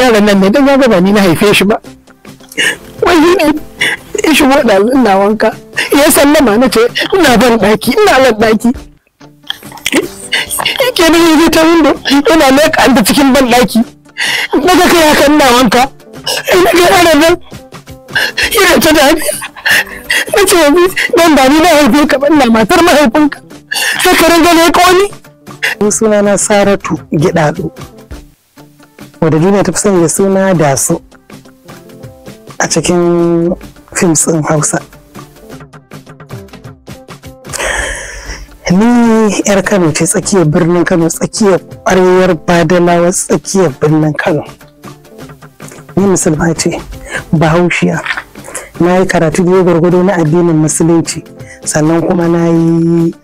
yaran nan ne don ya ba ni na haife shi ba wai ne ya shigo da ina wanka ya sallama na ce ina ban daki ina ban ɗaki yake ne yi ta windo yana leƙa da cikin ban daki daga kai haka ina wanka ina ga yaran nan yana ta dariya na ce yanzu nan ba ni na haife ka ban na matar mahaifinka sai ka ringa ko ni sunana saratu gidado wadda duniya ta fi sani da suna da su a cikin fim ɗin hausa ni yar kano ce tsakiyar birnin kano tsakiyar ƙwarewar badalawa tsakiyar birnin kano ni musulma ce bahaushiya na yi karatu biyu gwargwado na addinin musulunci sannan kuma na yi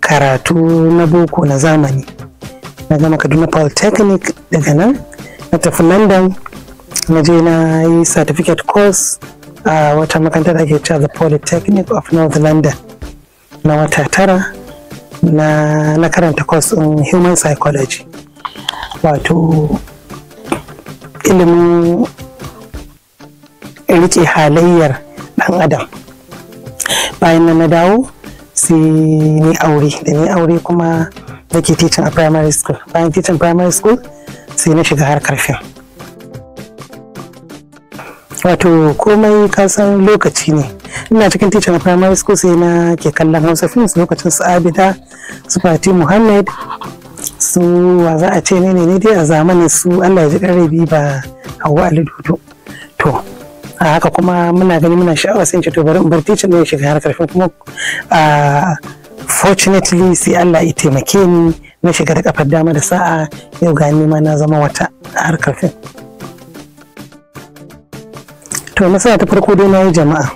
karatu na boko na zamani na gama kaduna polytechnic daga nan na tafi london na je na yi certificate course a wata makantar da ke cewa the polytechnic of north london na wata tara na, na karanta course in human psychology wato ilimin rike halayyar dan adam bayan na dawo sai ni aure da ni aure kuma nake teaching a primary school bayan teaching primary school sai na shiga harkar fim wato komai kasan lokaci ne ina cikin teacher primary school sai na ke kallon hausa films lokacin su abida su fati muhammad su wa za a ce ne ne dai a zamanin su allah ya ji karabi ba hawa alidodo to a haka kuma muna gani muna sha'awa sai to bari bar teacher ne ya shiga harkar fim kuma fortunately sai allah ya taimake ni na shiga da kafar dama da sa'a yau ga ma na zama wata harkar fim to sa ta farko dai na yi jama'a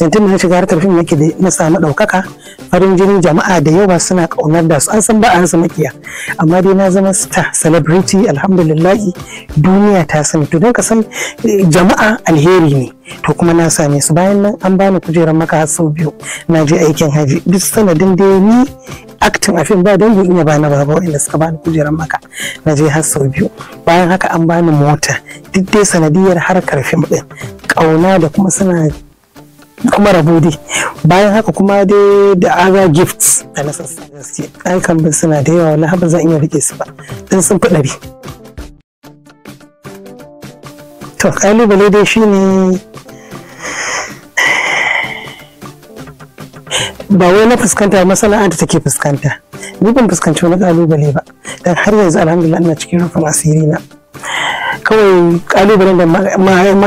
yanzu na shiga harkar fim nake na samu ɗaukaka farin jinin jama'a da yawa suna ƙaunar da su an san ba an san makiya amma dai na zama star celebrity alhamdulillahi duniya ta sani to don ka san eh, jama'a alheri ne to kuma na same su bayan nan an bani kujerar maka har sau biyu na je aikin haji duk sanadin da ni aktin a ba dangi ina ba na baba inda suka bani kujerar maka na je har sau biyu bayan haka an bani mota duk dai sanadiyar harkar fim ɗin kauna da kuma suna kuma rabudi bayan haka kuma dai da aga gifts da na sassa gaske ayyukan bin suna da yawa wani ban zan iya rike su ba don sun fi ɗari to dai shine ba wai na fuskanta masana'anta take fuskanta ni ban fuskanci wani kalubale ba dan har yanzu alhamdulillah ina cikin rufin asiri na kawai kalubalen da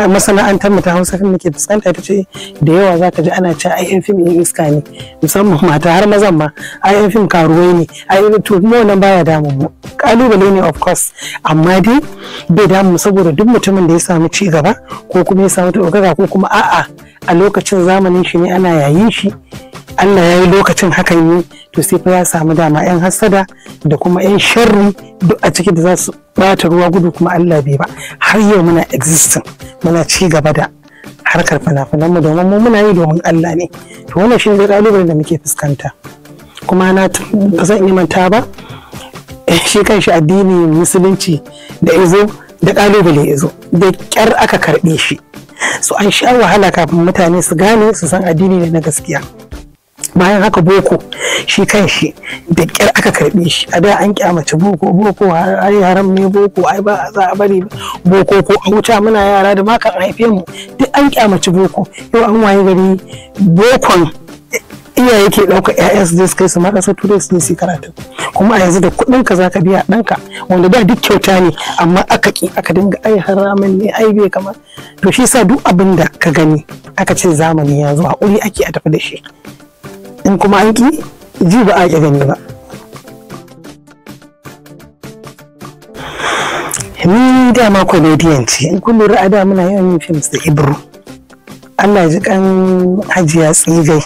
masana'antar mu ta hausa kan ke fuskanta ita ce da yawa za ka ji ana ce ai fim yan iska ne musamman mata har mazan ma ai fim karuwai ne ai to kuma wannan baya damun mu kalubale ne of course amma dai bai damu saboda duk mutumin da ya samu ci gaba ko kuma ya samu dogara ko kuma a'a a lokacin zamanin shi ne ana yayin shi Allah ya yi lokacin hakan yi to sai fa ya samu dama 'yan hassada da kuma 'yan sharri duk a ciki da za su bata ruwa gudu kuma Allah bai ba har yau muna existing muna ci gaba da harkar fina-finanmu domin mu muna yi domin Allah ne to wannan shi ne ƙalubalen da muke fuskanta kuma na ba zan iya manta ba eh, shi kanshi addini musulunci da izo da ƙalubale izo da ƙyar aka karɓe shi so an sha wahala kafin mutane su gane su san addini ne na gaskiya bayan haka boko shi kan shi da kyar aka karbe shi a da an kyamace boko boko ai haram ne boko ai ba za a bari boko ko a wuta muna yara da makan haife mu duk an kyamace boko yau an waye gari bokon iyaye ke ɗaukar 'ya'yan su je su kai su makasar turai su su karatu kuma a yanzu da kuɗin ka zaka biya ɗanka wanda ba duk kyauta ne amma aka ki aka dinga ai haramin ne ai bai kama to shi sa duk abin da ka gani aka ce zamani ya zo haƙuri ake a tafi da shi in kuma an ki ji ba a ƙi gani ba ni dama comedian ce in kun lura a da muna yawan yin films da ibro Allah ji kan hajiya tsigai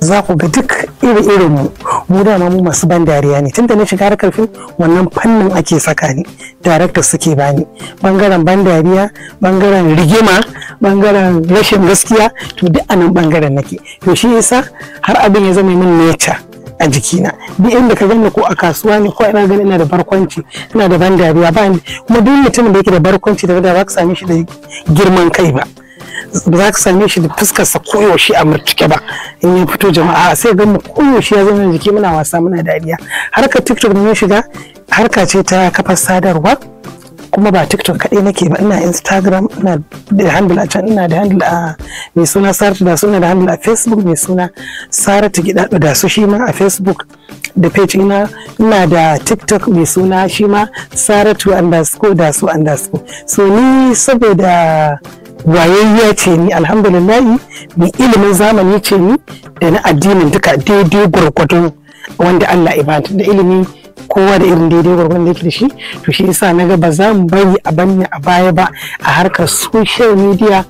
za ku ga duk iri irin mu mu dama mu masu ban dariya ne tunda na shiga harkar fim wannan fannin ake saka ni director suke bani bangaren ban dariya bangaren rigima bangaren rashin gaskiya to duk a bangaren nake to shi yasa har abin ya zama min nature a jikina duk inda ka ganni ko a kasuwa ne ko ina ganin ina da barkwanci ina da ban dariya ba kuma duk mutumin da yake da barkwanci da ba ka same shi da girman kai ba ba za ka same shi da fuskarsa koyaushe a murtuke ba in ya fito jama'a sai ga mu koyaushe ya zama jiki muna wasa muna dariya harkar tiktok da shiga harka ce ta kafar sadarwa kuma ba tiktok kaɗai nake ba ina instagram ina da handle a can ina da handle a mai suna saratu da suna da handle a facebook mai suna saratu gida, da su shi ma a facebook da page ina ina da tiktok mai suna shi ma saratu underscore da su underscore so ni saboda wayayya ce ni alhamdulillahi mai ilimin zamani ce ni da na addinin duka daidai gwargwado wanda Allah ya ibadu da ilimi kowa da irin daidai gwargwadon da yake da shi to shi yasa na ga ba za mu bari a banya a baya ba a harkar social media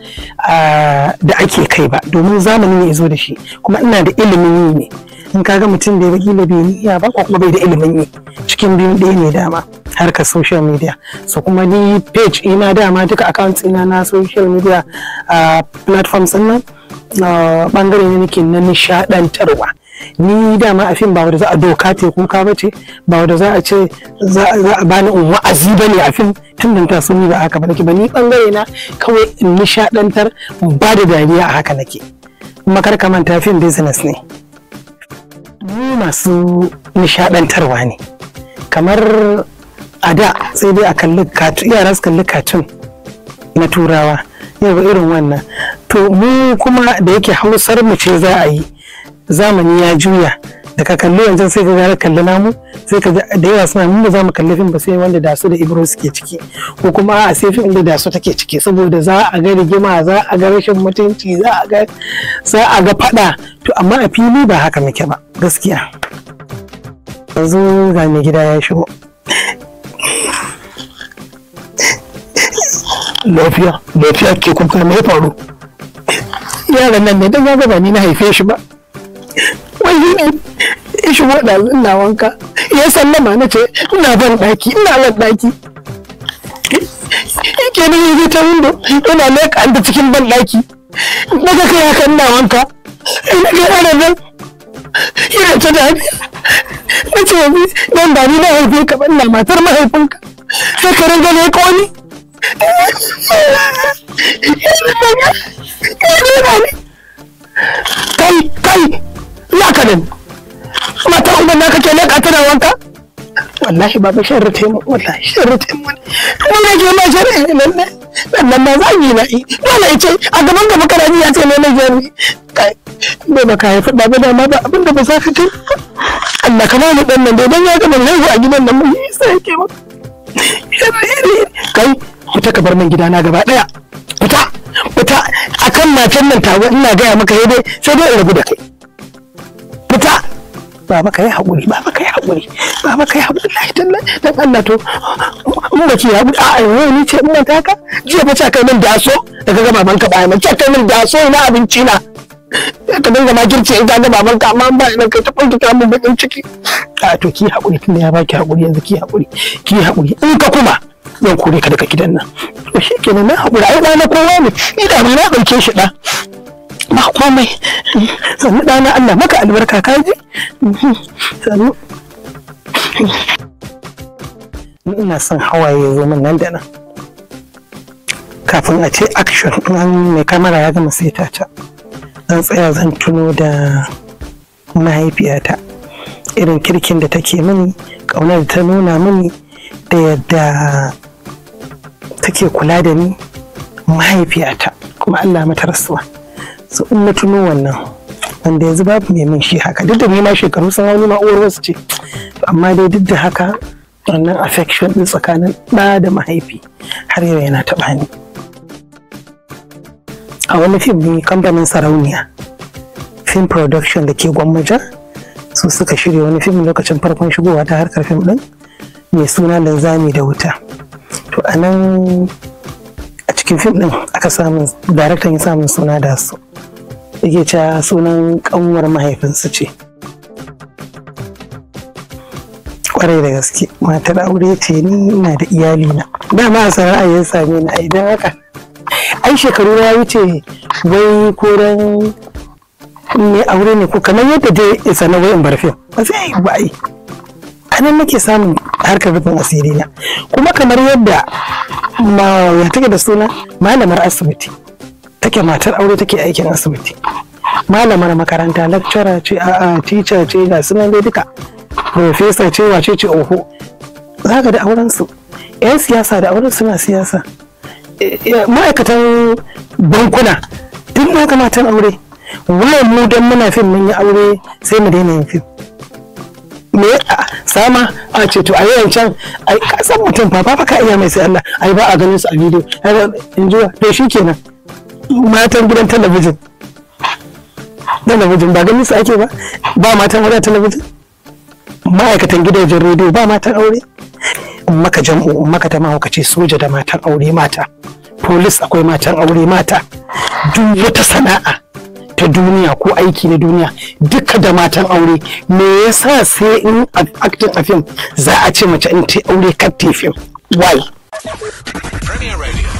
da ake kai ba domin zamani ne zo da shi kuma ina da ilimin yi ne in kaga mutum da ya baki da ya ba ko kuma bai da ilimin yi cikin biyun ɗaya ne dama harkar social media so kuma ni page ina dama duka accounts ina na social media uh, platforms nan uh, bangare ne nake na nishadantarwa ni dama a fim ba wanda za a doka tekun ka bace ba wanda za a ce za a bani in wa'azi ne a fim tun da taso ni ba haka ba nake ba ni bangare na kawai in nishadantar ba da dariya a haka nake kuma kar ka manta fim business ne mu masu nishadantarwa ne kamar a da sai dai a kalli katun yara su kalli katun na turawa yau irin wannan to mu kuma da yake hausar mu ce za a yi zamani ya juya da kalli yanzu sai ka gara kalli namu sai ka da yawa suna nuna za mu kalli fim ba sai wanda da su da ibro suke ciki ko kuma a sai fim da da su take ciki saboda za a ga rigima za a ga rashin mutunci za a ga za a ga fada to amma a fili ba haka muke ba gaskiya yanzu ga mai gida ya shigo lafiya lafiya ke kuka me ya faru yaran nan ne don ga ba ni na haife shi ba wai ne shi shigo da ina wanka ya sallama na ce ina ban daki ina ban daki ke ne yi ta windo ina leƙa da cikin ban daki daga kai haka ina wanka ina ga yaran nan ina ta dadi na ce yanzu nan ba ni na haife ka ba ina matar mahaifinka sai ka ringa leƙo ni kai kai ya ka nan mata uban naka ke nan ka tana wanka wallahi baba sharrate mu wallahi sharrate mu mun ne ke ma sharri nan ne nan ma zagi na yi dole ya ce a gaban gaba karami ya ce ne na jami bai ba ka haifi baba dama ba abin da ba za ka kai Allah ka ba mu nan dai ban ya ga mun haihu a gidan nan gida na gaba daya fita fita akan matan nan tawo ina gaya maka sai dai sai dai rabu da kai fita baba kai hakuri baba kai hakuri baba kai hakuri lahi tallahi dan Allah to mun ga ce hakuri a a yau ni ce mun ta ka jiya ba ta kai min daso daga ga baban ka ba mai ce kai min daso ina abinci na ka dinga ma girce in ga baban ka amma ba ina kai ta fanki ta mun bakin ciki a to ki hakuri tunda ya baki hakuri yanzu ki hakuri ki hakuri in ka kuma zan kore ka daga gidan nan to shi kenan na haƙura ai ɗana kowa ne ni da na ɗauke shi ɗa ba komai sannu ɗana Allah maka albarka ka ji sannu ina son hawaye zo min nan da nan kafin a ce action an mai kamara ya gama sai ta ta zan tsaya zan tuno da mahaifiyata irin kirkin da take mini ƙaunar ta nuna mini da yadda take kula da ni mahaifiyata kuma Allah mata rasuwa so in na tuno wannan wanda yanzu babu mai min shi haka duk da ni ma shekaru sun ni ma uwar wasu ce amma dai duk da haka wannan affection din tsakanin ɗa da mahaifi har yau yana taɓa ni a wani fim ne kamfanin sarauniya film production da ke gwammaja su suka shirya wani fim lokacin farkon shigowa ta harkar fim din mai suna linzami da wuta to a nan a cikin fim ɗin aka samu daraktan ya samu suna da su yake cewa sunan kanwar mahaifinsu ce kwarai da gaske matar aure ce ni ina da iyali na dama a sana'a ya same ni a idan haka ai shekaru ya wuce wai koren ne aure ne ko kamar yadda dai isa na wayan barfin ba sai ba ai a nan nake samun harkar rufin asiri na kuma kamar yadda ma ya take da suna malamar asibiti take matar aure take aikin asibiti malamar makaranta lecturer ce a teacher ce ga sunan dai duka professor ce wace ce oho zaka da auren su yan siyasa da auren suna siyasa e, e, ma'aikatan bankuna duk na kamatan aure wani mu don muna fim mun yi aure sai mu daina yin fim me sama a ce to a yayin can ai kasan mutum ba, fa ka iya mai sai Allah ai ba a ganin su a bidiyo in ji to shi kenan matan gidan talabijin talabijin ba ganin su ake ba ba matan wadda talabijin ma'aikatan gidajen rediyo ba matan aure maka jam'u maka ta ce soja da matan aure mata polis akwai matan aure mata duk wata sana'a ta duniya ko aiki na duniya duka da matan aure me yasa sai in acting a fim za a ce mace in ta aure kar ta fim why Premier Radio